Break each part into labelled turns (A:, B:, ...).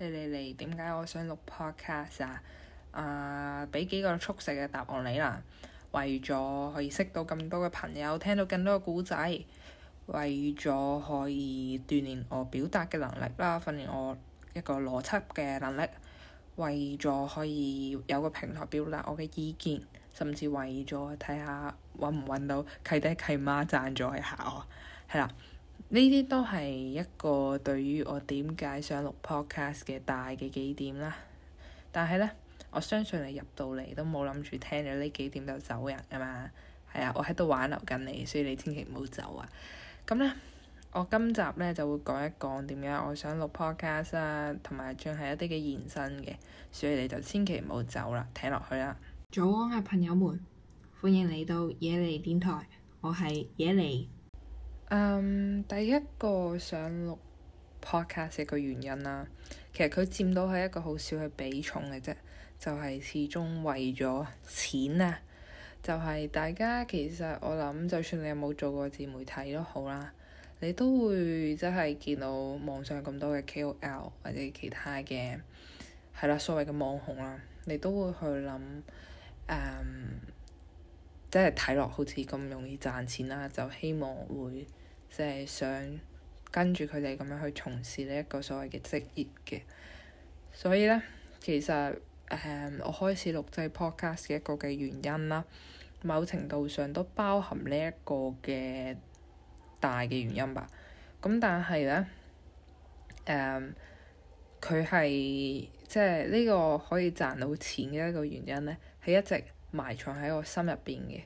A: 嚟嚟嚟點解我想錄 podcast 啊？畀俾幾個速食嘅答案你啦。為咗可以識到更多嘅朋友，聽到更多嘅故仔。為咗可以鍛鍊我表達嘅能力啦，訓練我一個邏輯嘅能力。為咗可以有個平台表達我嘅意見，甚至為咗睇下揾唔揾到契爹契媽贊助一下我，係啦。呢啲都係一個對於我點解想錄 podcast 嘅大嘅幾點啦，但係呢，我相信你入到嚟都冇諗住聽咗呢幾點就走人啊嘛，係啊，我喺度挽留緊你，所以你千祈唔好走啊。咁呢，我今集呢就會講一講點解我想錄 podcast 啊，同埋進行一啲嘅延伸嘅，所以你就千祈唔好走啦，啊，聽落去啦。早安啊，朋友們，歡迎嚟到野尼電台，我係野尼。嗯，um, 第一個想錄 podcast 嘅一個原因啦，其實佢佔到係一個好少嘅比重嘅啫，就係、是、始終為咗錢啊，就係、是、大家其實我諗就算你有冇做過自媒體都好啦，你都會即係見到網上咁多嘅 KOL 或者其他嘅係啦，所謂嘅網紅啦，你都會去諗，誒、um,，即係睇落好似咁容易賺錢啦，就希望會。即係想跟住佢哋咁樣去從事呢一個所謂嘅職業嘅，所以呢，其實誒、嗯、我開始錄製 podcast 嘅一個嘅原因啦，某程度上都包含呢一個嘅大嘅原因吧。咁但係呢，誒、嗯，佢係即係呢個可以賺到錢嘅一個原因呢，係一直埋藏喺我心入邊嘅。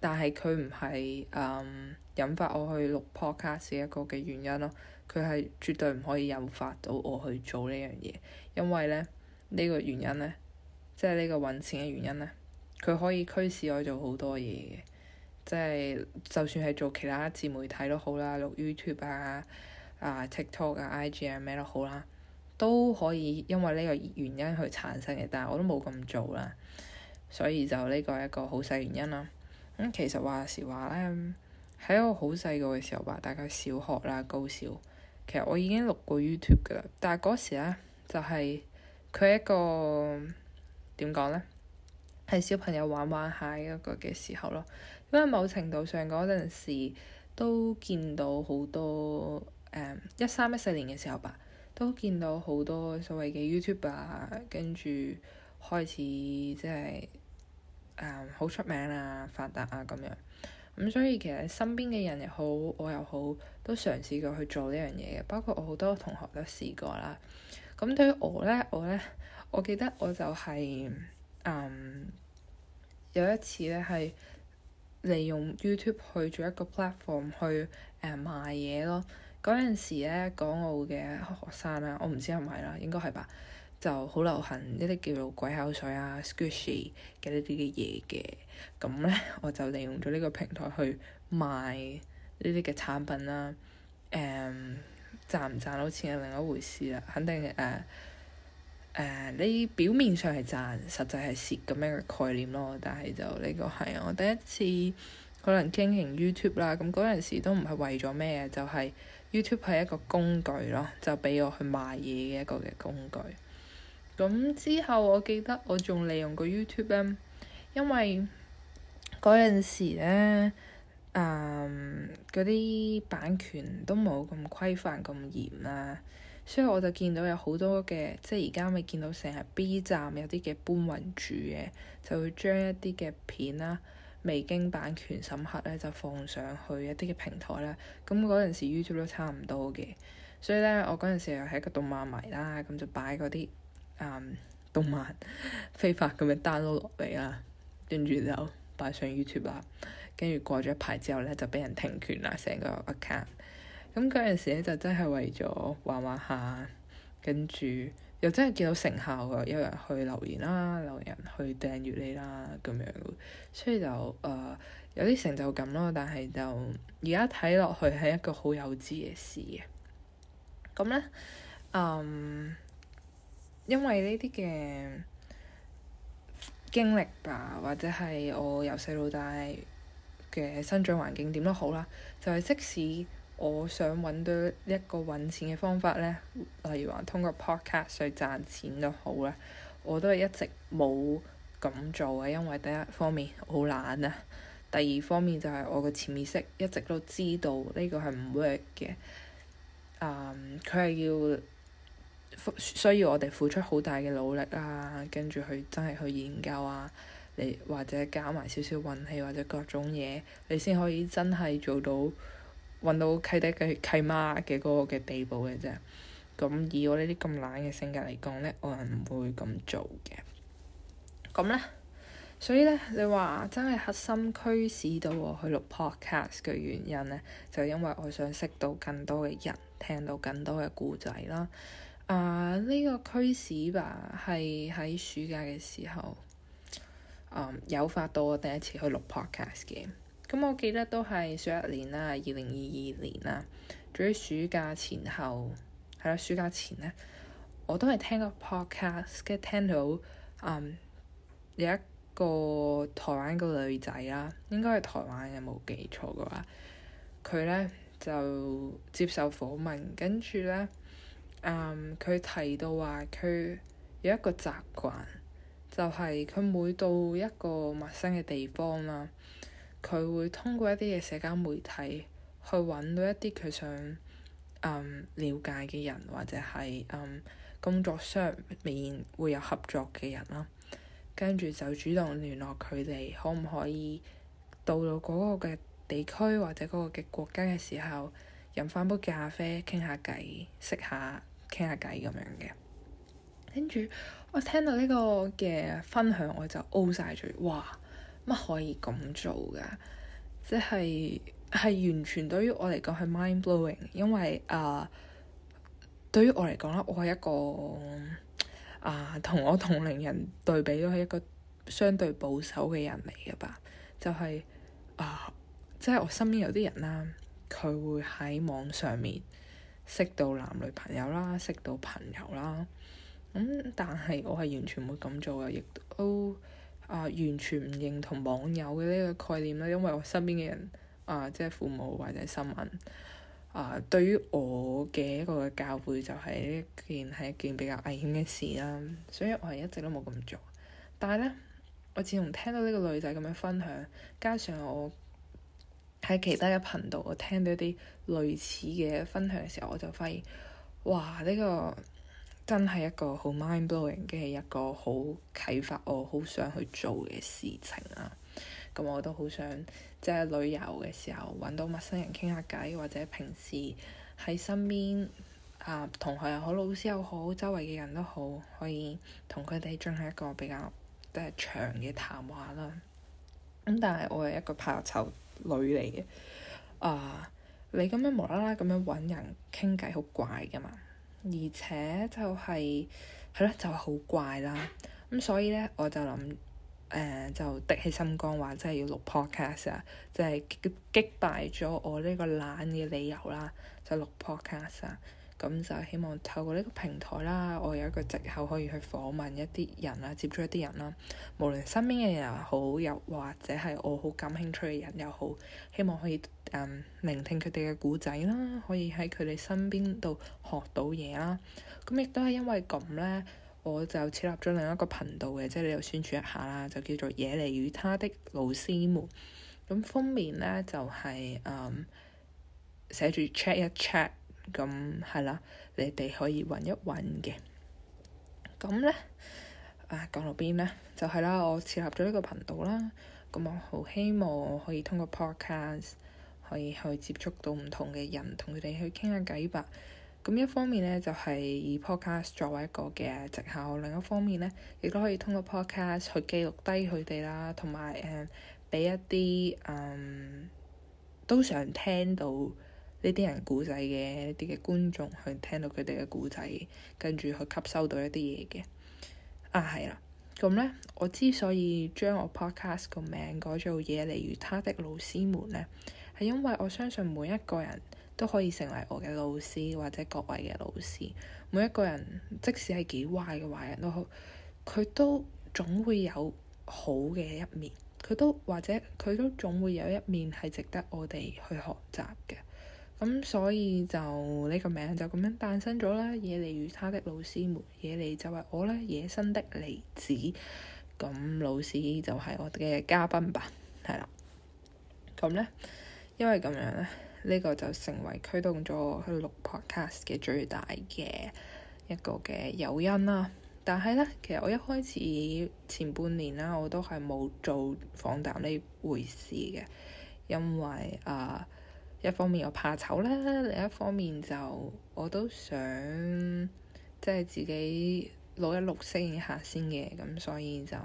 A: 但係佢唔係引發我去錄 podcast 一個嘅原因咯。佢係絕對唔可以引發到我去做呢樣嘢，因為咧呢、呢個原因呢，即係呢個揾錢嘅原因呢，佢可以驅使我做好多嘢嘅，即係就算係做其他自媒體都好啦，錄 YouTube 啊啊、TikTok 啊、IG 啊咩都好啦，都可以因為呢個原因去產生嘅。但係我都冇咁做啦，所以就呢個係一個好細原因啦。咁、嗯、其實話時話咧，喺我好細個嘅時候吧，大概小學啦、高小，其實我已經錄過 YouTube 㗎啦。但係嗰時咧，就係、是、佢一個點講咧，係小朋友玩玩下一個嘅時候咯。因為某程度上嗰陣時都見到好多誒一三一四年嘅時候吧，都見到好多所謂嘅 YouTuber 啊，跟住開始即、就、係、是。誒好、嗯、出名啊，發達啊咁樣，咁、嗯、所以其實身邊嘅人又好，我又好都嘗試過去做呢樣嘢嘅，包括我好多同學都試過啦。咁、嗯、對於我呢，我呢，我記得我就係、是嗯、有一次呢，係利用 YouTube 去做一個 platform 去誒賣嘢咯。嗰陣時呢，港澳嘅學生啊，我唔知係唔係啦，應該係吧。就好流行一啲叫做鬼口水啊，squishy 嘅呢啲嘅嘢嘅咁咧，我就利用咗呢個平台去賣呢啲嘅產品啦。誒、um，賺唔賺到錢係另一回事啦，肯定誒誒你表面上係賺，實際係蝕咁樣嘅概念咯。但係就呢、這個係我第一次可能經營 YouTube 啦。咁嗰陣時都唔係為咗咩就係、是、YouTube 係一個工具咯，就俾我去賣嘢嘅一個嘅工具。咁之後，我記得我仲利用過 YouTube 咧，因為嗰陣時咧，嗰、嗯、啲版權都冇咁規範、咁嚴啦，所以我就見到有好多嘅，即係而家咪見到成日 B 站有啲嘅搬運住嘅，就會將一啲嘅片啦，未經版權審核咧就放上去一啲嘅平台咧。咁嗰陣時 YouTube 都差唔多嘅，所以咧我嗰陣時又係一個動漫迷啦，咁就擺嗰啲。嗯，um, 動漫非法咁樣 download 落嚟啦，跟住就擺上 YouTube 啦，跟住過咗一排之後咧，就俾人停權啦，成個 account。咁嗰陣時咧，就真係為咗玩玩下，跟住又真係見到成效啊，有人去留言啦，留言去訂月你訂閱你啦，咁樣，所以就誒、呃、有啲成就感咯。但係就而家睇落去係一個好幼稚嘅事嘅。咁咧，嗯、um,。因為呢啲嘅經歷吧，或者係我由細到大嘅生長環境點都好啦，就係即使我想揾到一個揾錢嘅方法咧，例如話通過 podcast 去賺錢都好啦，我都係一直冇咁做嘅，因為第一方面好懶啊，第二方面就係我個潛意識一直都知道呢個係唔 work 嘅，啊、嗯，佢係要。需要我哋付出好大嘅努力啊，跟住去真係去研究啊，你或者搞埋少少運氣或者各種嘢，你先可以真係做到揾到契爹嘅契媽嘅嗰個嘅地步嘅啫。咁、嗯、以我呢啲咁懶嘅性格嚟講呢，我係唔會咁做嘅。咁、嗯、呢，所以呢，你話真係核心驅使到我去錄 podcast 嘅原因呢，就因為我想識到更多嘅人，聽到更多嘅故仔啦。啊，呢、uh, 個驅使吧係喺暑假嘅時候，嗯，誘發到我第一次去錄 podcast 嘅。咁、嗯、我記得都係上一年啦，二零二二年啦，總之暑假前後，係、嗯、啦，暑假前咧，我都係聽個 podcast，跟住聽到嗯有一個台灣嘅女仔啦，應該係台灣嘅，冇記錯嘅話，佢咧就接受訪問，跟住咧。佢、um, 提到話，佢有一個習慣，就係、是、佢每到一個陌生嘅地方啦，佢會通過一啲嘅社交媒體去揾到一啲佢想、um, 了解嘅人，或者係、um, 工作上面會有合作嘅人啦。跟住就主動聯絡佢哋，可唔可以到到嗰個嘅地區或者嗰個嘅國家嘅時候，飲返杯咖啡，傾下偈，識下。傾下偈咁樣嘅，跟住我聽到呢個嘅分享，我就 O 晒嘴，哇，乜可以咁做噶？即係係完全對於我嚟講係 mind blowing，因為啊、uh, 對於我嚟講啦，我係一個啊同、uh, 我同齡人對比都係一個相對保守嘅人嚟嘅吧，就係、是、啊、uh, 即係我身邊有啲人啦，佢會喺網上面。識到男女朋友啦，識到朋友啦。咁、嗯、但係我係完全冇咁做嘅，亦都啊完全唔認同網友嘅呢個概念啦。因為我身邊嘅人啊、呃，即係父母或者新聞啊、呃，對於我嘅一個教會就係一件係一件比較危險嘅事啦。所以我係一直都冇咁做。但係咧，我自從聽到呢個女仔咁樣分享，加上我。喺其他嘅頻道，我聽到一啲類似嘅分享嘅時候，我就發現，哇！呢、這個真係一個好 mind blowing 嘅一個好啟發我好想去做嘅事情啊。咁我都好想即係旅遊嘅時候揾到陌生人傾下偈，或者平時喺身邊啊、呃，同學又好，老師又好，周圍嘅人都好，可以同佢哋進行一個比較即係長嘅談話啦。咁、嗯、但係我係一個怕醜。女嚟嘅，啊、uh，你咁樣無啦啦咁樣揾人傾偈好怪噶嘛，而且就係、是，係咯就好怪啦，咁所以咧我就諗，誒、呃、就滴起心肝話真係要錄 podcast 啊，即係擊擊敗咗我呢個懶嘅理由啦，就錄 podcast 啊。咁就希望透過呢個平台啦，我有一個藉口可以去訪問一啲人啦，接觸一啲人啦。無論身邊嘅人又好，又或者係我好感興趣嘅人又好，希望可以誒、嗯、聆聽佢哋嘅故仔啦，可以喺佢哋身邊度學到嘢啦。咁亦都係因為咁咧，我就設立咗另一個頻道嘅，即係你又宣傳一下啦，就叫做《野嚟與他的老師們》。咁封面咧就係、是、誒、嗯、寫住 check 一 check。咁係啦，你哋可以揾一揾嘅。咁咧，啊講到邊咧？就係、是、啦，我設立咗呢個頻道啦。咁我好希望可以通過 podcast 可以去接觸到唔同嘅人，同佢哋去傾下偈吧。咁一方面咧，就係、是、以 podcast 作為一個嘅藉口；另一方面咧，亦都可以通過 podcast 去記錄低佢哋啦，同埋誒俾一啲嗯都想聽到呢啲人故仔嘅呢啲嘅觀眾去聽到佢哋嘅故仔，跟住去吸收到一啲嘢嘅啊，係啦。咁咧，我之所以將我 podcast 個名改做《野梨與他的老師們》咧，係因為我相信每一個人都可以成為我嘅老師，或者各位嘅老師。每一個人即使係幾壞嘅壞人都好，佢都總會有好嘅一面。佢都或者佢都總會有一面係值得我哋去學習嘅。咁、嗯、所以就呢、呢個名就咁樣誕生咗啦。野狸與他的老師們，野狸就係我咧，野生的狸子。咁老師就係我嘅嘉賓吧，係啦。咁、嗯、咧，因為咁樣咧，呢、呢個就成為驅動咗我去錄 podcast 嘅最大嘅一個嘅誘因啦。但係咧，其實我一開始前半年啦，我都係冇做訪談呢回事嘅，因為啊。呃一方面我怕醜啦，另一方面就我都想即係自己錄一錄適應下先嘅，咁所以就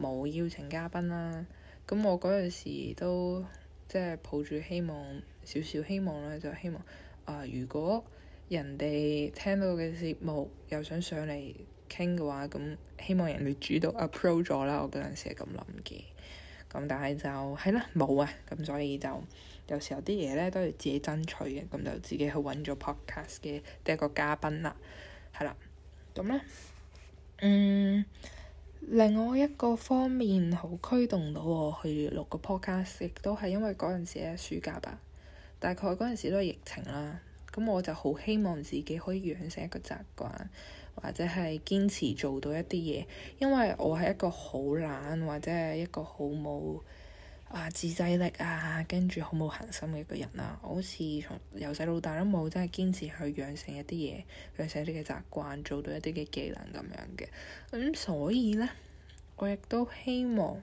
A: 冇邀請嘉賓啦。咁我嗰陣時都即係抱住希望少少希望啦，就希望啊、呃，如果人哋聽到嘅節目又想上嚟傾嘅話，咁希望人哋主動 approach 咗啦。我嗰陣時係咁諗嘅，咁但係就係啦冇啊，咁所以就～有時候啲嘢咧都要自己爭取嘅，咁就自己去揾咗 podcast 嘅第一個嘉賓啦，係啦，咁咧，嗯，另外一個方面好驅動到我去錄個 podcast，亦都係因為嗰陣時係暑假吧，大概嗰陣時都係疫情啦，咁我就好希望自己可以養成一個習慣，或者係堅持做到一啲嘢，因為我係一個好懶或者係一個好冇，啊，自制力啊，跟住好冇恆心嘅一個人啊，我好似從由細到大都冇真係堅持去養成一啲嘢，養成一啲嘅習慣，做到一啲嘅技能咁樣嘅。咁、嗯、所以咧，我亦都希望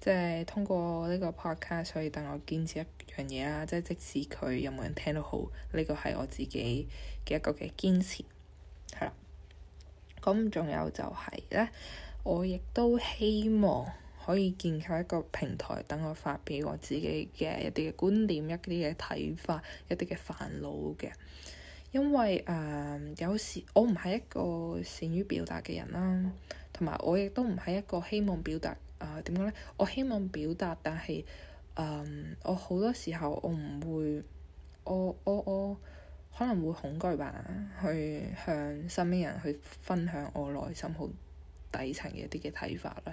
A: 即係、就是、通過呢個 podcast，可以等我堅持一樣嘢啦，即係即使佢有冇人聽都好，呢個係我自己嘅一個嘅堅持，係啦。咁、嗯、仲有就係咧，我亦都希望。可以建構一個平台，等我發表我自己嘅一啲嘅觀點、一啲嘅睇法、一啲嘅煩惱嘅。因為誒、呃、有時我唔係一個善於表達嘅人啦，同埋我亦都唔係一個希望表達誒點講咧？我希望表達，但係、呃、我好多時候我唔會，我我我可能會恐懼吧，去向身邊人去分享我內心好底層嘅一啲嘅睇法啦。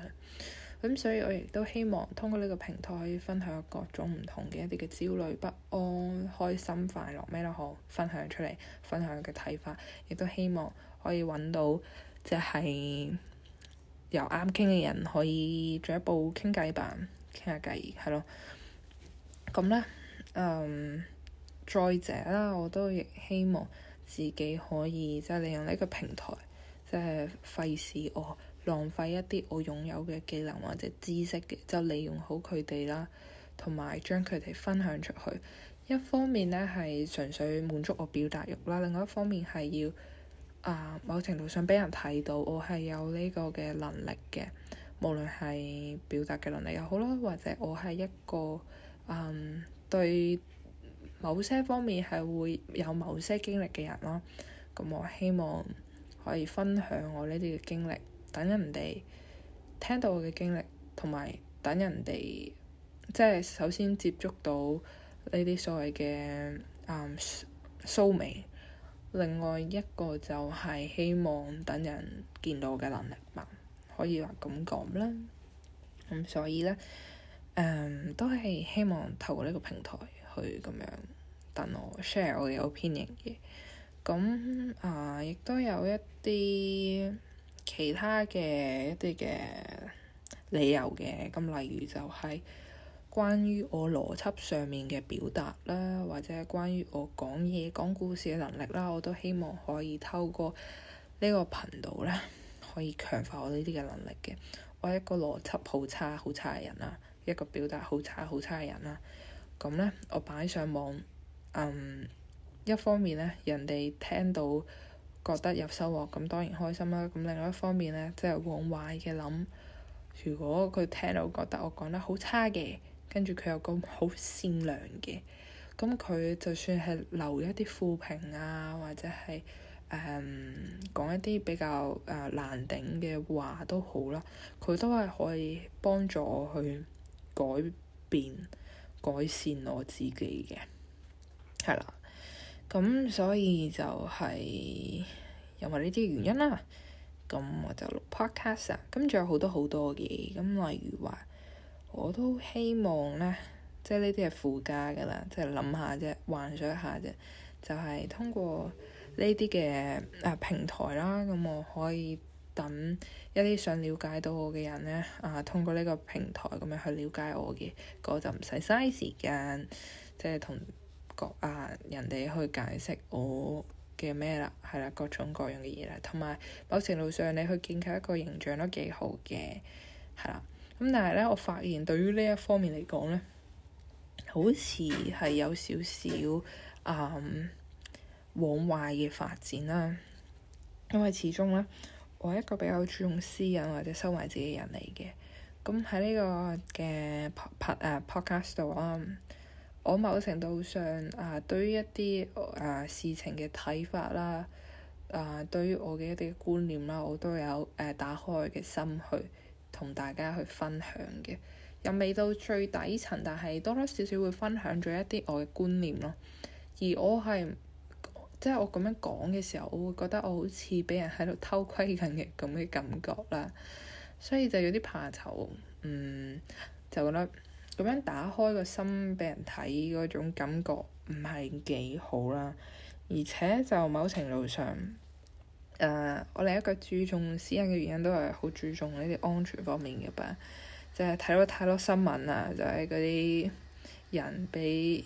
A: 咁所以，我亦都希望通過呢個平台，可以分享各種唔同嘅一啲嘅焦慮、不安、開心、快樂咩都好，分享出嚟，分享佢嘅睇法，亦都希望可以揾到即係有啱傾嘅人，可以進一步傾偈吧，傾下偈，係咯。咁、嗯、咧，嗯，再者啦，我都亦希望自己可以即係、就是、利用呢個平台，即係費事我，浪費一啲我擁有嘅技能或者知識嘅，就是、利用好佢哋啦，同埋將佢哋分享出去。一方面咧係純粹滿足我表達欲啦，另外一方面係要、呃、某程度上畀人睇到我係有呢個嘅能力嘅，無論係表達嘅能力又好啦，或者我係一個嗯對某些方面係會有某些經歷嘅人咯。咁我希望可以分享我呢啲嘅經歷。等人哋聽到我嘅經歷，同埋等人哋即係首先接觸到呢啲所謂嘅嗯蘇美。Um, mate, 另外一個就係希望等人見到我嘅能力吧，可以話咁講啦。咁所以咧，誒、嗯、都係希望透過呢個平台去咁樣等我 share 我嘅 opinion 嘅。咁啊、呃，亦都有一啲。其他嘅一啲嘅理由嘅，咁例如就係關於我邏輯上面嘅表達啦，或者關於我講嘢講故事嘅能力啦，我都希望可以透過呢個頻道咧，可以強化我呢啲嘅能力嘅。我一個邏輯好差好差嘅人啦，一個表達好差好差嘅人啦，咁咧我擺上網，嗯，一方面咧人哋聽到。覺得有收穫咁當然開心啦。咁另外一方面咧，即係往壞嘅諗，如果佢聽到覺得我講得好差嘅，跟住佢又咁好善良嘅，咁佢就算係留一啲負評啊，或者係誒講一啲比較誒難頂嘅話好都好啦，佢都係可以幫助我去改變、改善我自己嘅，係啦。咁所以就係因為呢啲原因啦。咁我就錄 podcast 啊，咁仲有好多好多嘅。咁例如話，我都希望咧，即係呢啲係附加噶啦，即係諗下啫，幻想一下啫。就係通過呢啲嘅啊平台啦，咁我可以等一啲想了解到我嘅人咧啊，通過呢個平台咁樣去了解我嘅，我就唔使嘥時間，即係同。啊！人哋去解釋我嘅咩啦，係啦，各種各樣嘅嘢啦，同埋某程度上你去建構一個形象都幾好嘅，係啦。咁但係咧，我發現對於呢一方面嚟講咧，好似係有少少啊、嗯、往壞嘅發展啦。因為始終咧，我係一個比較注重私隱或者收埋自己人嚟嘅。咁喺 po 呢個嘅 Podcast 度啦。我某程度上啊、呃，對於一啲啊、呃、事情嘅睇法啦，啊、呃、對於我嘅一啲觀念啦，我都有誒、呃、打開我嘅心去同大家去分享嘅，又未到最底層，但係多多少少會分享咗一啲我嘅觀念咯。而我係即係我咁樣講嘅時候，我會覺得我好似俾人喺度偷窺緊嘅咁嘅感覺啦，所以就有啲怕醜，嗯，就覺得。咁樣打開個心俾人睇嗰種感覺唔係幾好啦，而且就某程度上，誒、呃，我另一個注重私隱嘅原因都係好注重呢啲安全方面嘅吧，就係、是、睇到太多新聞啦，就係嗰啲人俾、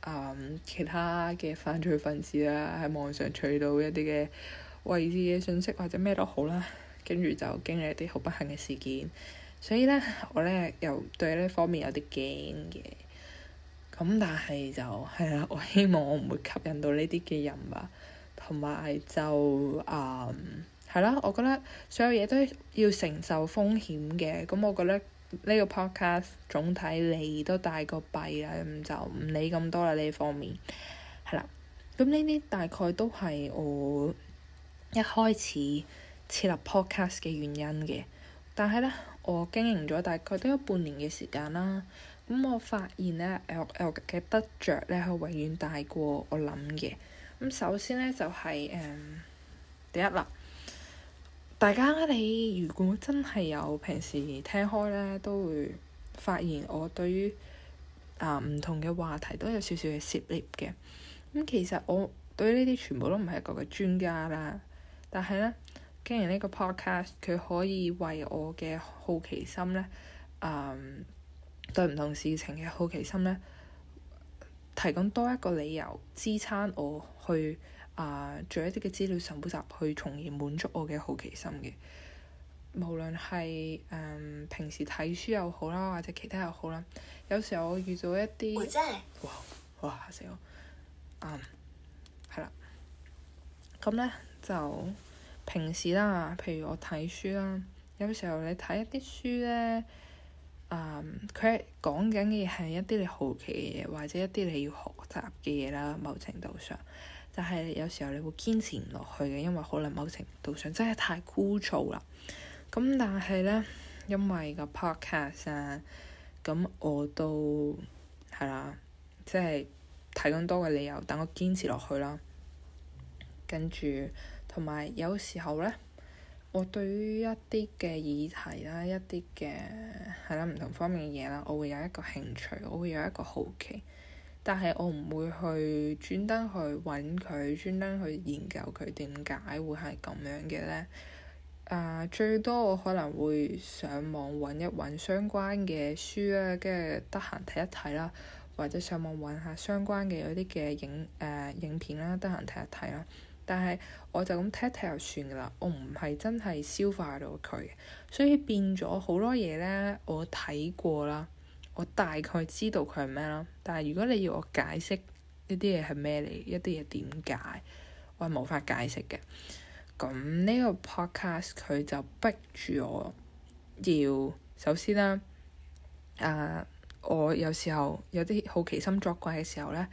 A: 呃、其他嘅犯罪分子啦喺網上取到一啲嘅位置嘅信息或者咩都好啦，跟住就經歷一啲好不幸嘅事件。所以咧，我咧又對呢方面有啲驚嘅。咁但係就係啊，我希望我唔會吸引到呢啲嘅人啊。同埋就啊，係、嗯、啦，我覺得所有嘢都要承受風險嘅。咁我覺得呢個 podcast 總體利都大過弊啊，咁就唔理咁多啦，呢方面係啦。咁呢啲大概都係我一開始設立 podcast 嘅原因嘅。但係咧～我經營咗大概都有半年嘅時間啦，咁我發現咧，我我嘅得着咧係永遠大過我諗嘅。咁首先咧就係、是、誒、嗯，第一啦，大家你如果真係有平時聽開咧，都會發現我對於啊唔同嘅話題都有少少嘅涉獵嘅。咁其實我對呢啲全部都唔係一個嘅專家啦，但係咧，經營呢個 podcast，佢可以為我嘅好奇心咧，誒、嗯、對唔同事情嘅好奇心咧，提供多一個理由支撐我去啊、呃、做一啲嘅資料蒐集，去從而滿足我嘅好奇心嘅。無論係誒、嗯、平時睇書又好啦，或者其他又好啦，有時候我遇到一啲哇哇嚇死我啊！係、嗯、啦，咁咧就～平時啦，譬如我睇書啦，有時候你睇一啲書咧，啊、嗯，佢講緊嘅係一啲你好奇嘅嘢，或者一啲你要學習嘅嘢啦，某程度上，但、就、係、是、有時候你會堅持唔落去嘅，因為可能某程度上真係太枯燥啦。咁但係咧，因為個 podcast 咁、啊、我都係啦，即係睇咁多嘅理由，等我堅持落去啦，跟住。同埋有，有時候呢，我對於一啲嘅議題啦，一啲嘅係啦唔同方面嘅嘢啦，我會有一個興趣，我會有一個好奇，但係我唔會去專登去揾佢，專登去研究佢點解會係咁樣嘅呢。啊、呃，最多我可能會上網揾一揾相關嘅書啦，跟住得閒睇一睇啦，或者上網揾下相關嘅有啲嘅影誒、呃、影片啦，得閒睇一睇啦。但係我就咁睇睇就算噶啦，我唔係真係消化到佢，所以變咗好多嘢咧，我睇過啦，我大概知道佢係咩啦。但係如果你要我解釋一啲嘢係咩嚟，一啲嘢點解，我係無法解釋嘅。咁呢個 podcast 佢就逼住我要首先啦。啊、呃，我有時候有啲好奇心作怪嘅時候咧。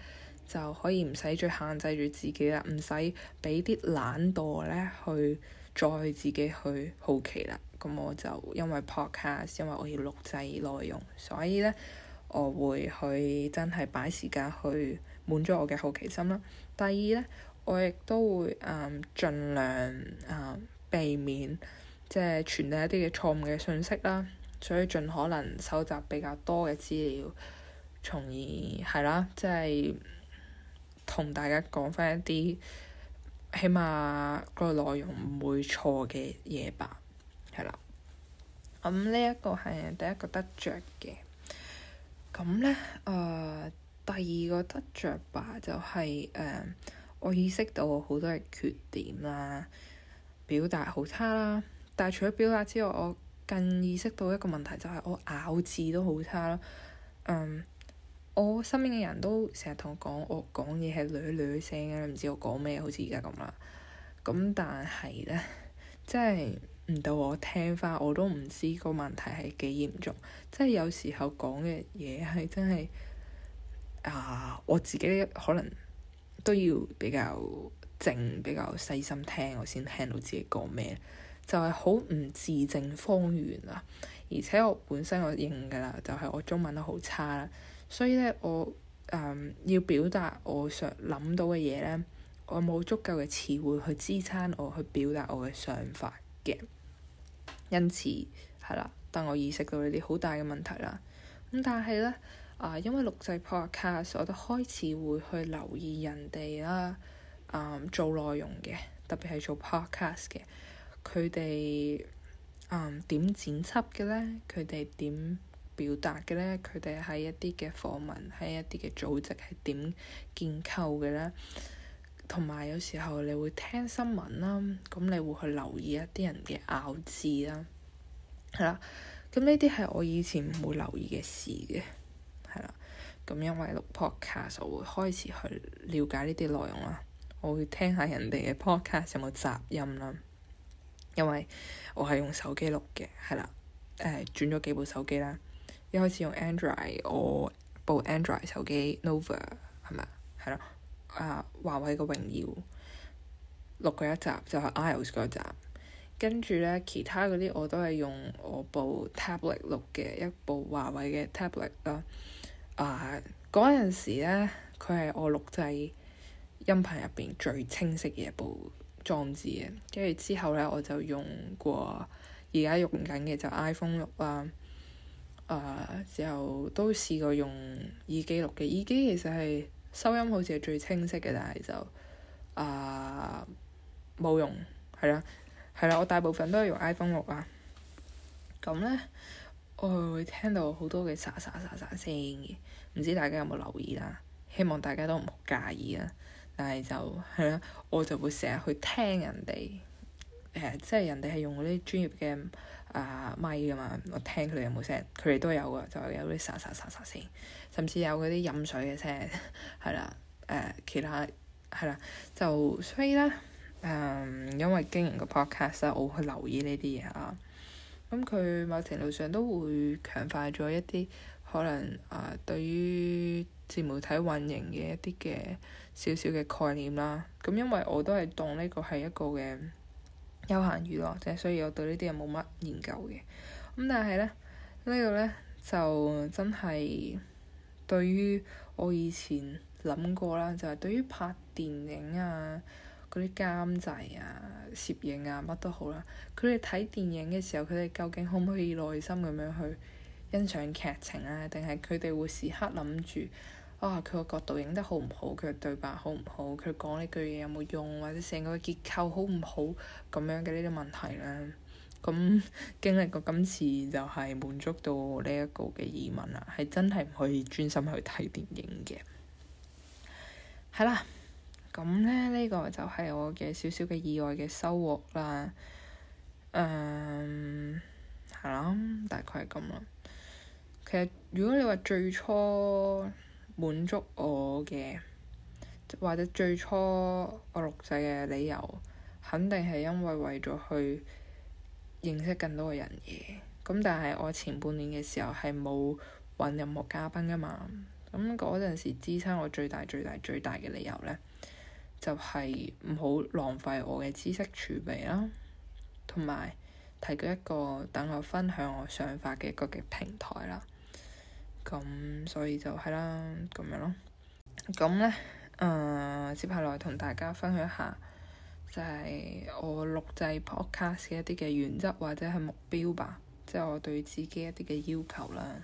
A: 就可以唔使再限制住自己啦，唔使畀啲懶惰咧去再自己去好奇啦。咁我就因為 podcast 因為我要錄製內容，所以咧我會去真係擺時間去滿足我嘅好奇心啦。第二咧，我亦都會誒、嗯、盡量誒、嗯、避免即係傳遞一啲嘅錯誤嘅信息啦，所以盡可能收集比較多嘅資料，從而係啦，即係。同大家講翻一啲，起碼個內容唔會錯嘅嘢吧，係啦。咁呢一個係第一個得着嘅。咁咧，誒、呃、第二個得着吧，就係、是、誒、嗯、我意識到好多嘅缺點啦，表達好差啦。但係除咗表達之外，我更意識到一個問題，就係、是、我咬字都好差啦，嗯。我身邊嘅人都成日同我講，我講嘢係女女聲啊，你唔知我講咩，好似而家咁啦。咁但係咧，即係唔到我聽返，我都唔知個問題係幾嚴重。即係有時候講嘅嘢係真係啊，我自己可能都要比較靜，比較細心聽，我先聽到自己講咩。就係好唔自正方圓啦。而且我本身我認噶啦，就係我中文都好差啦。所以咧，我誒、嗯、要表達我想諗到嘅嘢咧，我冇足夠嘅詞彙去支撐我去表達我嘅想法嘅，因此係啦。但我意識到呢啲好大嘅問題啦。咁、嗯、但係咧，啊、呃，因為錄製 podcast，我都開始會去留意人哋啦，誒、呃、做內容嘅，特別係做 podcast 嘅，佢哋誒點剪輯嘅咧，佢哋點表達嘅咧，佢哋喺一啲嘅課文，喺一啲嘅組織係點建構嘅咧。同埋有，有時候你會聽新聞啦，咁你會去留意一啲人嘅咬字啦，係啦。咁呢啲係我以前唔會留意嘅事嘅，係啦。咁因為錄 podcast 就會開始去了解呢啲內容啦，我會聽下人哋嘅 podcast 有冇雜音啦。因為我係用手機錄嘅，係啦，誒、呃、轉咗幾部手機啦。一開始用 Android，我部 Android 手機 Nova 係咪啊？係咯，啊華為嘅榮耀，錄嗰一集就係 iOS 嗰集。跟住咧其他嗰啲我都係用我部 tablet 錄嘅，一部華為嘅 tablet 啦。啊嗰陣時咧，佢係我錄製音頻入邊最清晰嘅一部裝置嘅，跟住之後咧我就用過而家用緊嘅就 iPhone 六啦。啊、呃！之後都試過用耳機錄嘅，耳機其實係收音好似係最清晰嘅，但係就啊冇、呃、用，係啦，係啦，我大部分都係用 iPhone 錄啊。咁咧，我會聽到好多嘅沙沙沙沙聲嘅，唔知大家有冇留意啦？希望大家都唔好介意啦。但係就係啦，我就會成日去聽人哋誒、呃，即係人哋係用嗰啲專業嘅。啊，咪㗎、uh, 嘛，我聽佢哋有冇聲，佢哋都有嘅，就係有啲沙沙沙沙聲，甚至有嗰啲飲水嘅聲，係 啦，誒、uh,，其他係啦，就所以咧，誒、um,，因為經營個 podcast 我會留意呢啲嘢啊。咁佢某程度上都會強化咗一啲可能啊，對於自媒體運營嘅一啲嘅少少嘅概念啦。咁、啊、因為我都係當呢個係一個嘅。休閒娛樂即係，所以我對呢啲嘢冇乜研究嘅。咁但係咧，這個、呢個咧就真係對於我以前諗過啦，就係、是、對於拍電影啊、嗰啲監製啊、攝影啊乜都好啦。佢哋睇電影嘅時候，佢哋究竟可唔可以耐心咁樣去欣賞劇情啊？定係佢哋會時刻諗住？啊！佢個、哦、角度影得好唔好？佢對白好唔好？佢講呢句嘢有冇用？或者成個嘅結構好唔好咁樣嘅呢啲問題咧？咁經歷過今次就係滿足到呢一個嘅疑問啦，係真係唔可以專心去睇電影嘅。係啦，咁咧呢、呢個就係我嘅少少嘅意外嘅收穫啦。誒、嗯，係啦，大概係咁啦。其實，如果你話最初，滿足我嘅或者最初我錄製嘅理由，肯定係因為為咗去認識更多嘅人嘅。咁但係我前半年嘅時候係冇揾任何嘉賓㗎嘛。咁嗰陣時支撐我最大、最大、最大嘅理由呢，就係唔好浪費我嘅知識儲備啦，同埋提供一個等我分享我想法嘅一個嘅平台啦。咁所以就係啦，咁樣咯。咁、呃、咧，誒接下來同大家分享下，就係、是、我錄製 podcast 嘅一啲嘅原則或者係目標吧。即係我對自己一啲嘅要求啦。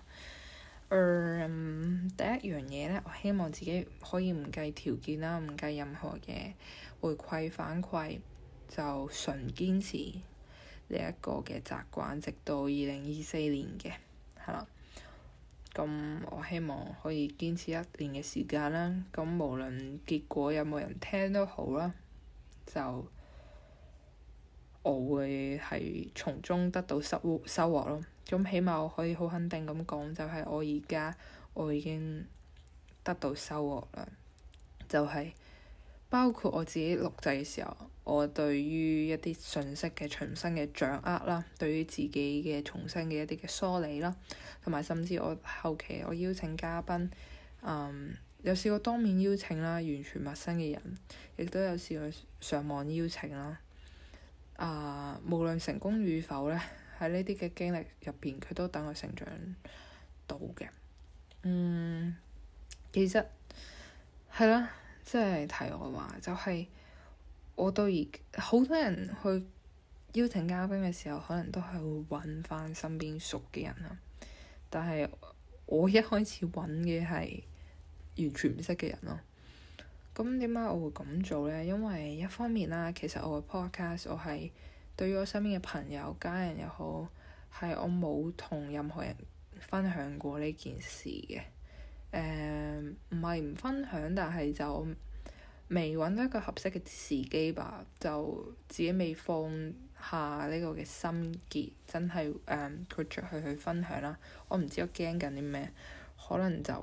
A: 誒、呃嗯，第一樣嘢咧，我希望自己可以唔計條件啦，唔計任何嘅回饋反饋，就純堅持呢一個嘅習慣，直到二零二四年嘅，係啦。咁、嗯、我希望可以堅持一年嘅時間啦，咁、嗯、無論結果有冇人聽都好啦，就我會係從中得到收收穫咯。咁、嗯、起碼我可以好肯定咁講，就係、是、我而家我已經得到收穫啦，就係、是、包括我自己錄製嘅時候。我對於一啲信息嘅重新嘅掌握啦，對於自己嘅重新嘅一啲嘅梳理啦，同埋甚至我後期我邀請嘉賓，嗯、有試過當面邀請啦，完全陌生嘅人，亦都有試過上網邀請啦。啊、嗯，無論成功與否咧，喺呢啲嘅經歷入邊，佢都等我成長到嘅。嗯，其實係啦，即係題外話就係、是。我都而好多人去邀請嘉賓嘅時候，可能都係會揾翻身邊熟嘅人啦。但係我一開始揾嘅係完全唔識嘅人咯。咁點解我會咁做咧？因為一方面啦、啊，其實我嘅 podcast 我係對於我身邊嘅朋友、家人又好，係我冇同任何人分享過呢件事嘅。誒、呃，唔係唔分享，但係就。未揾到一個合適嘅時機吧，就自己未放下呢個嘅心結，真係誒，佢、嗯、出去去分享啦。我唔知我驚緊啲咩，可能就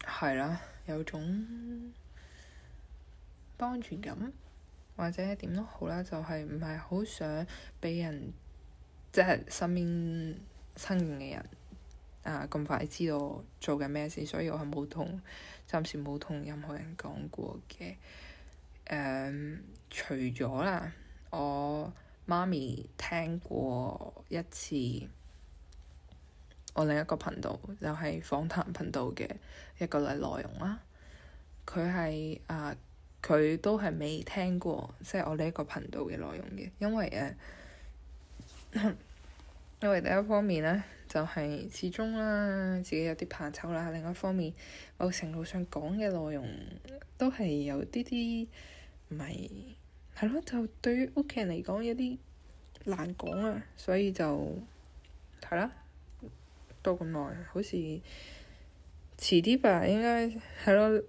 A: 係啦，有種不安全感， 或者點都好啦，就係唔係好想俾人即係、就是、身邊親近嘅人啊咁快知道做緊咩事，所以我係冇同。暫時冇同任何人講過嘅，誒、嗯，除咗啦，我媽咪聽過一次我另一個頻道，就係、是、訪談頻道嘅一個內容啦。佢係啊，佢、呃、都係未聽過，即、就、係、是、我呢一個頻道嘅內容嘅，因為誒、呃，因為第一方面咧。就係始終啦，自己有啲怕醜啦。另一方面，某程度上講嘅內容都係有啲啲唔係，係咯，就對於屋企人嚟講有啲難講啊。所以就係啦，多咁耐，好似遲啲吧。應該係咯，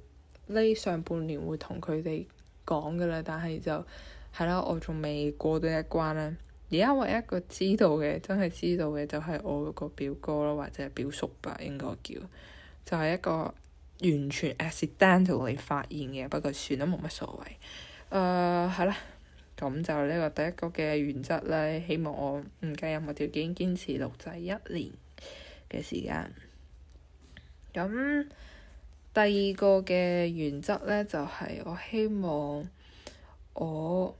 A: 呢上半年會同佢哋講㗎啦。但係就係啦，我仲未過到一關咧。而家唯一個知道嘅，真係知道嘅就係、是、我個表哥咯，或者係表叔吧，應該叫，就係、是、一個完全 accidentally 嚟發現嘅，不過算啦，冇乜所謂。誒，好啦，咁就呢個第一個嘅原則咧，希望我唔計任何條件，堅持錄製一年嘅時間。咁第二個嘅原則咧，就係、是、我希望我。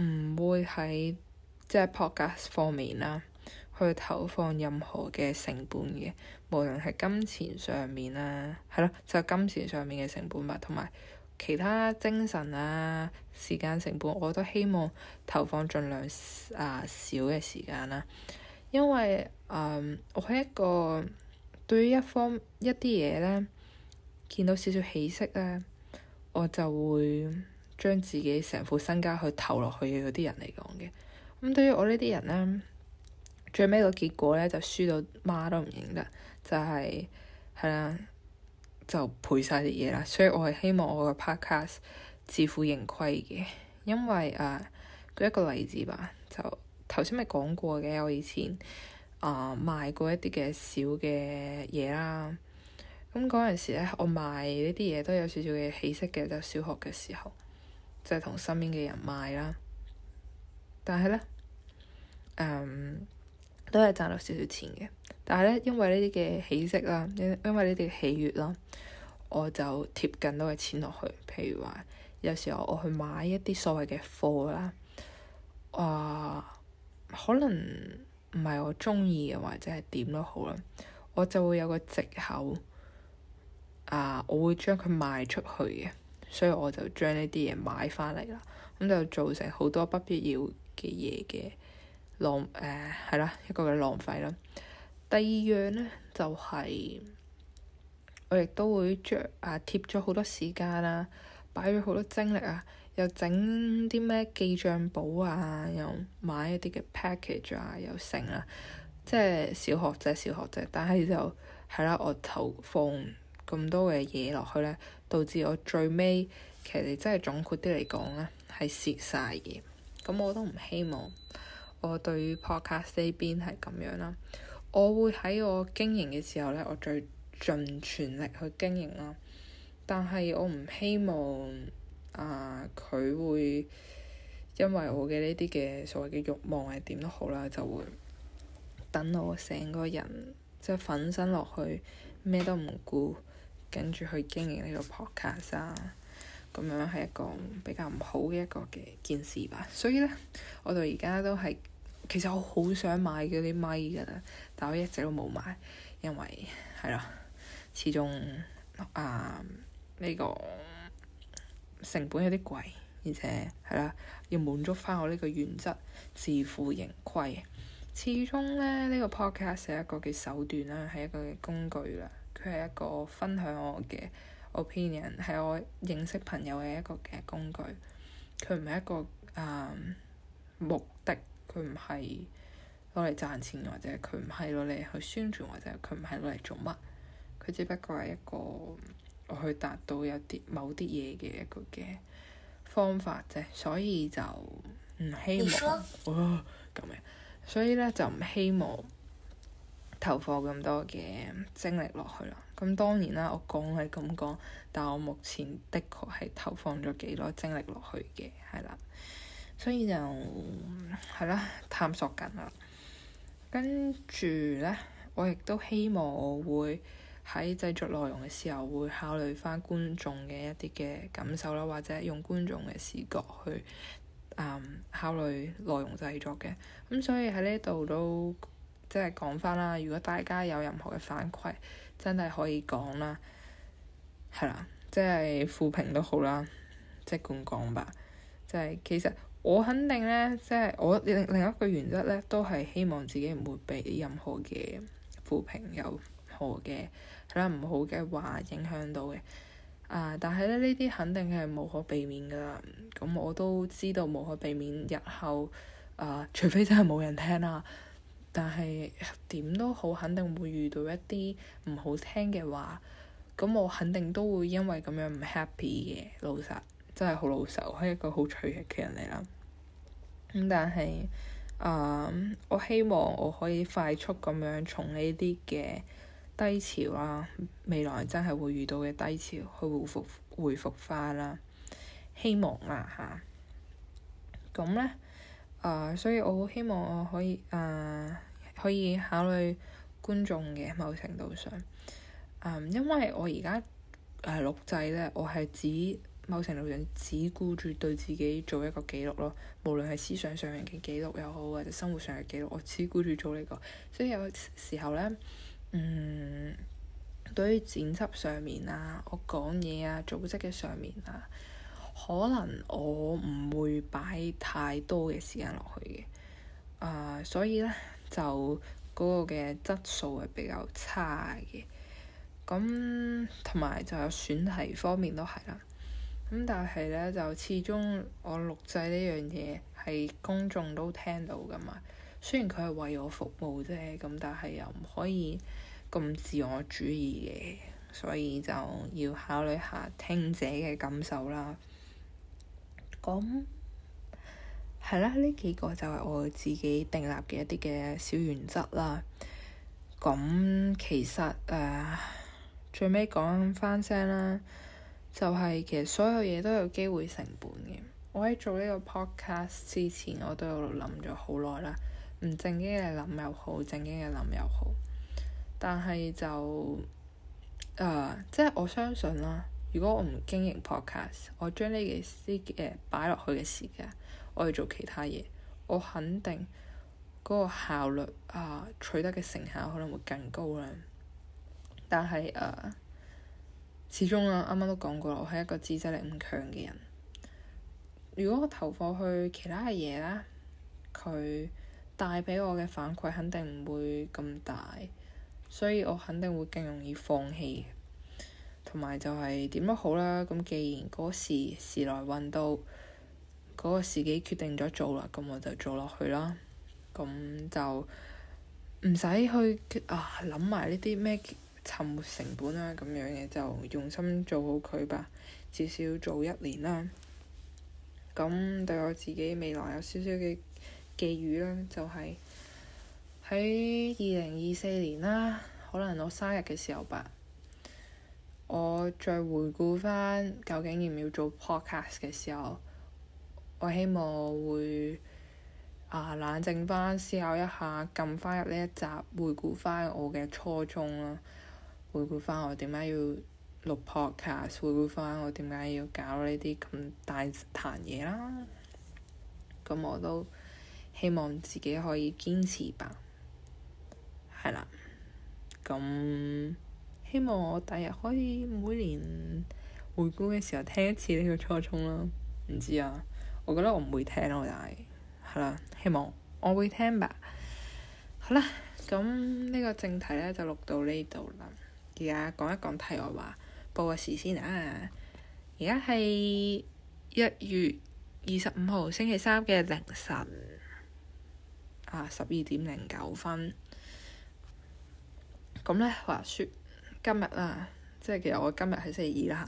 A: 唔會喺即係 podcast 方面啦，去投放任何嘅成本嘅，無論係金錢上面啦，係咯，就金錢上面嘅成本吧，同埋其他精神啊、時間成本，我都希望投放儘量啊少嘅時間啦。因為嗯、呃，我係一個對於一方一啲嘢咧，見到少少起色咧，我就會。將自己成副身家去投落去嘅嗰啲人嚟講嘅咁，對於我呢啲人咧，最尾個結果咧就輸到媽都唔認得，就係係啦，就賠晒啲嘢啦。所以我係希望我個 podcast 自負盈虧嘅，因為啊，舉一個例子吧，就頭先咪講過嘅，我以前啊、呃、賣過一啲嘅小嘅嘢啦。咁嗰陣時咧，我賣呢啲嘢都有少少嘅起色嘅，就小學嘅時候。就係同身邊嘅人賣啦，但係咧，誒、嗯，都係賺到少少錢嘅。但係咧，因為呢啲嘅喜色啦，因因為呢啲嘅喜悅啦，我就貼更多嘅錢落去。譬如話，有時候我去買一啲所謂嘅貨啦，啊，可能唔係我鍾意嘅，或者係點都好啦，我就會有個藉口，啊，我會將佢賣出去嘅。所以我就將呢啲嘢買返嚟啦，咁就造成好多不必要嘅嘢嘅浪誒係、呃、啦，一個嘅浪費啦。第二樣咧就係、是、我亦都會將啊貼咗好多時間啊，擺咗好多精力啊，又整啲咩記帳簿啊，又買一啲嘅 package 啊，又剩啊，即係小學啫小學啫，但係就係啦，我投放。咁多嘅嘢落去咧，導致我最尾其實真係總括啲嚟講咧係蝕晒嘅。咁我都唔希望我對於 Podcast 呢邊係咁樣啦。我會喺我經營嘅時候咧，我最盡全力去經營啦。但係我唔希望啊佢、呃、會因為我嘅呢啲嘅所謂嘅欲望係點都好啦，就會等到我成個人即係、就是、粉身落去咩都唔顧。跟住去經營呢個 podcast，咁、啊、樣係一個比較唔好嘅一個嘅件事吧。所以咧，我到而家都係其實我好想買嗰啲咪㗎啦，但我一直都冇買，因為係啦，始終啊呢、呢個成本有啲貴，而且係啦要滿足翻我呢個原則自負盈虧。始終咧呢、呢個 podcast 係一個嘅手段啦，係一個嘅工具啦。佢係一個分享我嘅 opinion，係我認識朋友嘅一個嘅工具。佢唔係一個誒、嗯、目的，佢唔係攞嚟賺錢或者佢唔係攞嚟去宣傳或者佢唔係攞嚟做乜。佢只不過係一個我去達到有啲某啲嘢嘅一個嘅方法啫。所以就唔希望咁樣、 哦，救命，所以咧就唔希望，投放咁多嘅精力落去啦，咁當然啦，我講係咁講，但我目前的確係投放咗幾多精力落去嘅，係啦，所以就係啦，探索緊啦。跟住咧，我亦都希望我會喺製作內容嘅時候會考慮翻觀眾嘅一啲嘅感受啦，或者用觀眾嘅視角去、嗯、考慮內容製作嘅。咁所以喺呢度都。即係講翻啦，如果大家有任何嘅反饋，真係可以講啦，係啦，即係負評都好啦，即管講吧。即係其實我肯定咧，即係我另另一個原則咧，都係希望自己唔會俾任何嘅負評，有何嘅係啦唔好嘅話影響到嘅。啊、呃，但係咧呢啲肯定係無可避免噶啦，咁我都知道無可避免，日後啊、呃，除非真係冇人聽啦。但係點都好，肯定會遇到一啲唔好聽嘅話，咁我肯定都會因為咁樣唔 happy 嘅老實，真係好老實，我係一個好脆弱嘅人嚟啦。咁但係啊、呃，我希望我可以快速咁樣從呢啲嘅低潮啦，未來真係會遇到嘅低潮去回復回復翻啦。希望啦、啊、嚇，咁、啊、咧～啊，uh, 所以我好希望我可以啊，uh, 可以考慮觀眾嘅某程度上。Um, 因為我而家誒錄製呢，我係只某程度上只顧住對自己做一個記錄咯。無論係思想上面嘅記錄又好，或者生活上嘅記錄，我只顧住做呢、這個。所以有時候呢，嗯，對於剪輯上面啊，我講嘢啊，組織嘅上面啊。可能我唔會擺太多嘅時間落去嘅，啊、uh，所以咧就嗰個嘅質素係比較差嘅。咁同埋就有選題方面都係啦。咁但係咧就始終我錄製呢樣嘢係公眾都聽到噶嘛。雖然佢係為我服務啫，咁但係又唔可以咁自我主義嘅，所以就要考慮下聽者嘅感受啦。咁係啦，呢、嗯、幾個就係我自己訂立嘅一啲嘅小原則啦。咁、嗯、其實誒、呃，最尾講返聲啦，就係、是、其實所有嘢都有機會成本嘅。我喺做呢個 podcast 之前，我都有諗咗好耐啦。唔正經嘅諗又好，正經嘅諗又好，但係就誒、呃，即係我相信啦。如果我唔經營 podcast，我將呢件事誒擺落去嘅時間，我去做其他嘢，我肯定嗰個效率啊、呃、取得嘅成效可能會更高啦。但係誒、呃，始終啊，啱啱都講過啦，我係一個自制力唔強嘅人。如果我投放去其他嘅嘢啦，佢帶畀我嘅反饋肯定唔會咁大，所以我肯定會更容易放棄。同埋就係點都好啦。咁既然嗰時時來運到，嗰個時機決定咗做啦，咁我就做落去啦。咁就唔使去啊諗埋呢啲咩沉沒成本啦，咁樣嘅就用心做好佢吧。至少做一年啦。咁對我自己未來有少少嘅寄語啦，就係喺二零二四年啦，可能我生日嘅時候吧。我再回顧返究竟要唔要做 podcast 嘅時候，我希望我會、啊、冷靜返思考一下，撳返入呢一集，回顧返我嘅初衷啦，回顧返我點解要錄 podcast，回顧返我點解要搞呢啲咁大壇嘢啦，咁我都希望自己可以堅持吧，係啦、啊，咁。希望我第日可以每年回顧嘅時候聽一次呢個初衷囉。唔知啊，我覺得我唔會聽咯，但係係啦。希望我會聽吧。好啦，咁呢個正題咧就錄到呢度啦。而家講一講題外話，報個時先啊。而家係一月二十五號星期三嘅凌晨啊，十二點零九分。咁咧話説。今日啦，即係其實我今日係星期二啦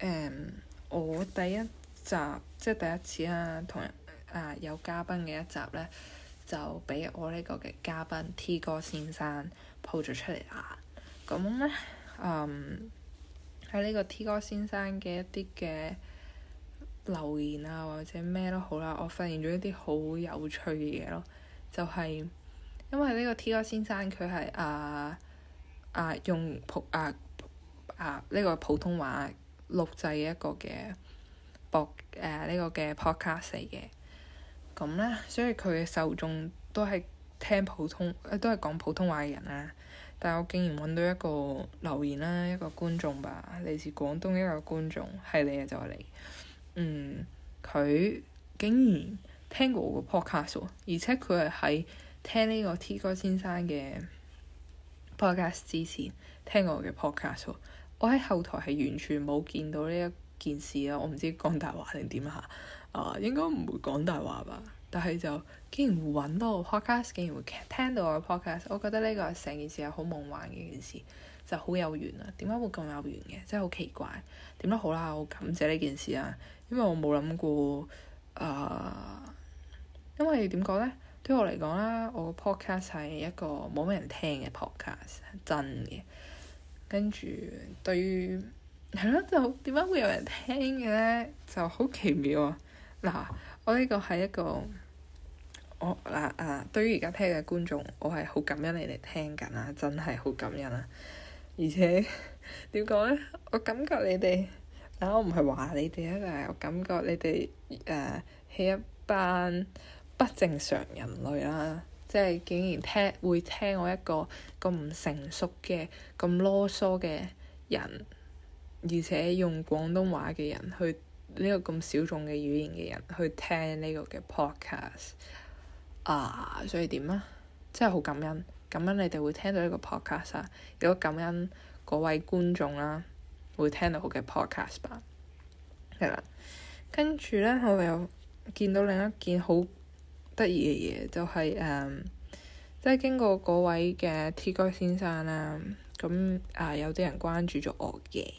A: 吓，誒、嗯，我第一集即係第一次啊，同啊、呃、有嘉賓嘅一集咧，就俾我呢個嘅嘉賓 T 哥先生鋪咗出嚟啦。咁咧，嗯，喺呢個 T 哥先生嘅一啲嘅留言啊，或者咩都好啦，我發現咗一啲好有趣嘅嘢咯，就係、是、因為呢個 T 哥先生佢係啊～、呃啊！用普啊啊呢、呢個普通話錄製一個嘅播誒呢個嘅 podcast 嚟嘅，咁咧，所以佢嘅受眾都係聽普通誒、啊、都係講普通話嘅人啦、啊。但係我竟然揾到一個留言啦、啊，一個觀眾吧，嚟自廣東一個觀眾係你啊，就係、你嗯佢竟然聽過我個 podcast、啊、而且佢係喺聽呢個 T 哥先生嘅。Podcast 之前聽過我嘅 podcast 喎，我喺後台係完全冇見到呢一件事啊！我唔知講大話定點嚇，啊應該唔會講大話吧？但係就竟然會揾到 podcast，竟然會聽到我嘅 podcast，我覺得呢個成件事係好夢幻嘅一件事，就好有緣啊！點解會咁有緣嘅？真係好奇怪！點都好啦，我感謝呢件事啊，因為我冇諗過啊、呃，因為點講咧？對我嚟講啦，我個 podcast 係一個冇咩人聽嘅 podcast，真嘅。跟住，對於係咯，就點解會有人聽嘅咧？就好奇妙啊！嗱，我呢個係一個我嗱啊，啊，對於而家聽嘅觀眾，我係好感恩你哋聽緊啊，真係好感恩啊！而且點講咧？我感覺你哋嗱、啊，我唔係話你哋啊，但係我感覺你哋誒係一班。不正常人類啦，即係竟然聽會聽我一個咁唔成熟嘅、咁囉嗦嘅人，而且用廣東話嘅人去呢個咁小眾嘅語言嘅人去聽呢個嘅 podcast 啊，所以點啊，真係好感恩，感恩你哋會聽到呢個 podcast 啊！如果感恩各位觀眾啦、啊，會聽到好嘅 podcast 吧，係啦，跟住咧我有見到另一件好。得意嘅嘢就係、是、誒，即、嗯、係、就是、經過嗰位嘅鐵哥先生啦。咁啊、呃，有啲人關注咗我嘅。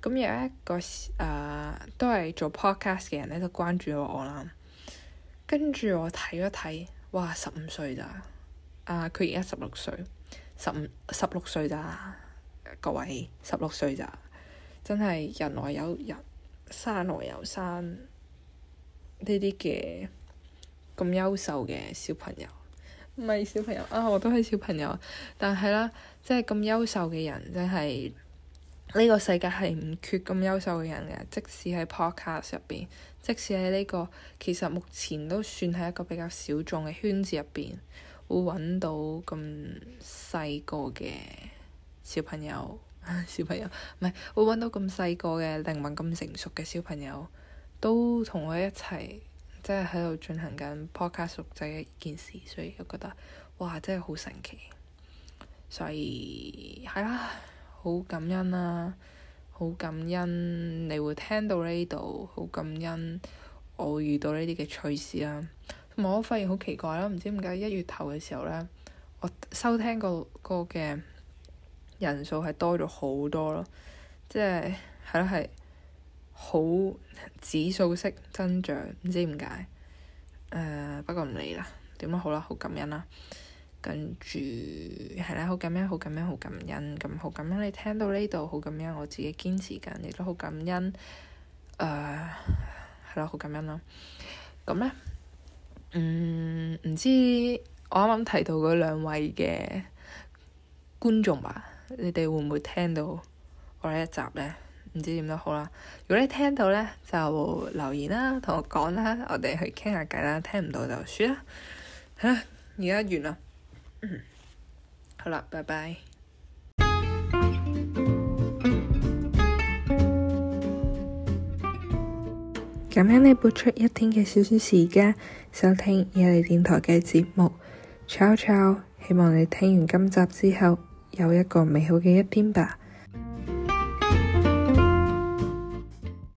A: 咁有一個誒、呃，都係做 podcast 嘅人咧，就關注咗我啦。跟住我睇咗睇，哇！十五歲咋？啊，佢而家十六歲，十五十六歲咋？各位，十六歲咋？真係人外有人，山外有山，呢啲嘅。咁優秀嘅小朋友，唔係小朋友啊、哦，我都係小朋友。但係啦，即係咁優秀嘅人，即係呢個世界係唔缺咁優秀嘅人嘅。即使喺 podcast 入邊，即使喺呢、呢個其實目前都算係一個比較小眾嘅圈子入邊，會揾到咁細個嘅小朋友，小朋友唔係會揾到咁細個嘅靈魂咁成熟嘅小朋友，都同我一齊。即係喺度進行緊 podcast 錄製嘅一件事，所以我覺得哇，真係好神奇。所以係啦，好感恩啦、啊，好感恩你會聽到呢度，好感恩我遇到呢啲嘅趣事啦。同埋我發現好奇怪啦，唔知點解一月頭嘅時候咧，我收聽個個嘅人數係多咗好多咯。即係係啦，係。好指數式增長，唔知點解？誒、呃、不過唔理啦。點樣好啦，好感恩啦。跟住係啦，好感恩，好感恩，好感恩咁好感恩，你聽到呢度好感恩，我自己堅持緊，亦都好感恩。誒係啦，好感恩啦。咁咧，嗯，唔知我啱啱提到嗰兩位嘅觀眾吧、啊，你哋會唔會聽到我呢一集咧？唔知點都好啦，如果你聽到咧，就留言啦，同我講啦，我哋去傾下偈啦。聽唔到就算啦。吓，而家完啦，好啦，拜拜。咁樣你撥出一天嘅小小時間，收聽 Yanni 電台嘅節目，吵吵，希望你聽完今集之後，有一個美好嘅一天吧。